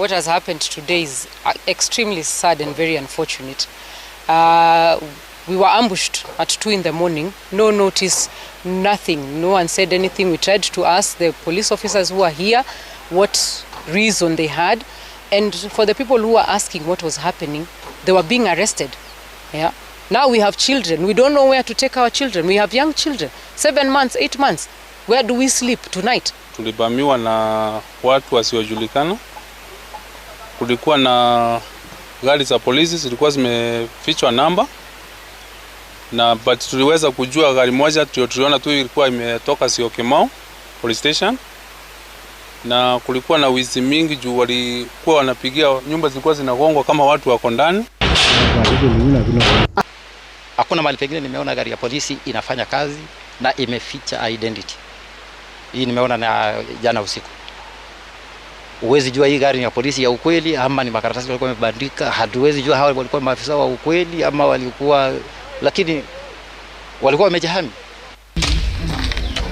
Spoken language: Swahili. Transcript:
what has happened today is uh, extremely sad and very unfortunate. Uh, we were ambushed at two in the morning, no notice, nothing. No one said anything. We tried to ask the police officers who were here what reason they had. And for the people who were asking what was happening, they were being arrested. Yeah. Now we have children. We don't know where to take our children. We have young children, seven months, eight months. Where do we sleep tonight? Tulibamiwa na watu wasiojulikana kulikuwa na gari za polisi zilikuwa zimefichwa namba na but tuliweza kujua gari moja tuliona tu ilikuwa imetoka Syokimau police station, na kulikuwa na wizi mingi juu walikuwa wanapigia nyumba, zilikuwa zinagongwa kama watu wako ndani. Hakuna mahali pengine nimeona gari ya polisi inafanya kazi na imeficha identity hii, nimeona na jana usiku. Huwezi jua hii gari ni ya polisi ya ukweli ama ni makaratasi walikuwa wamebandika. Hatuwezi jua hawa walikuwa maafisa wa ukweli ama walikuwa, lakini walikuwa wamejihami.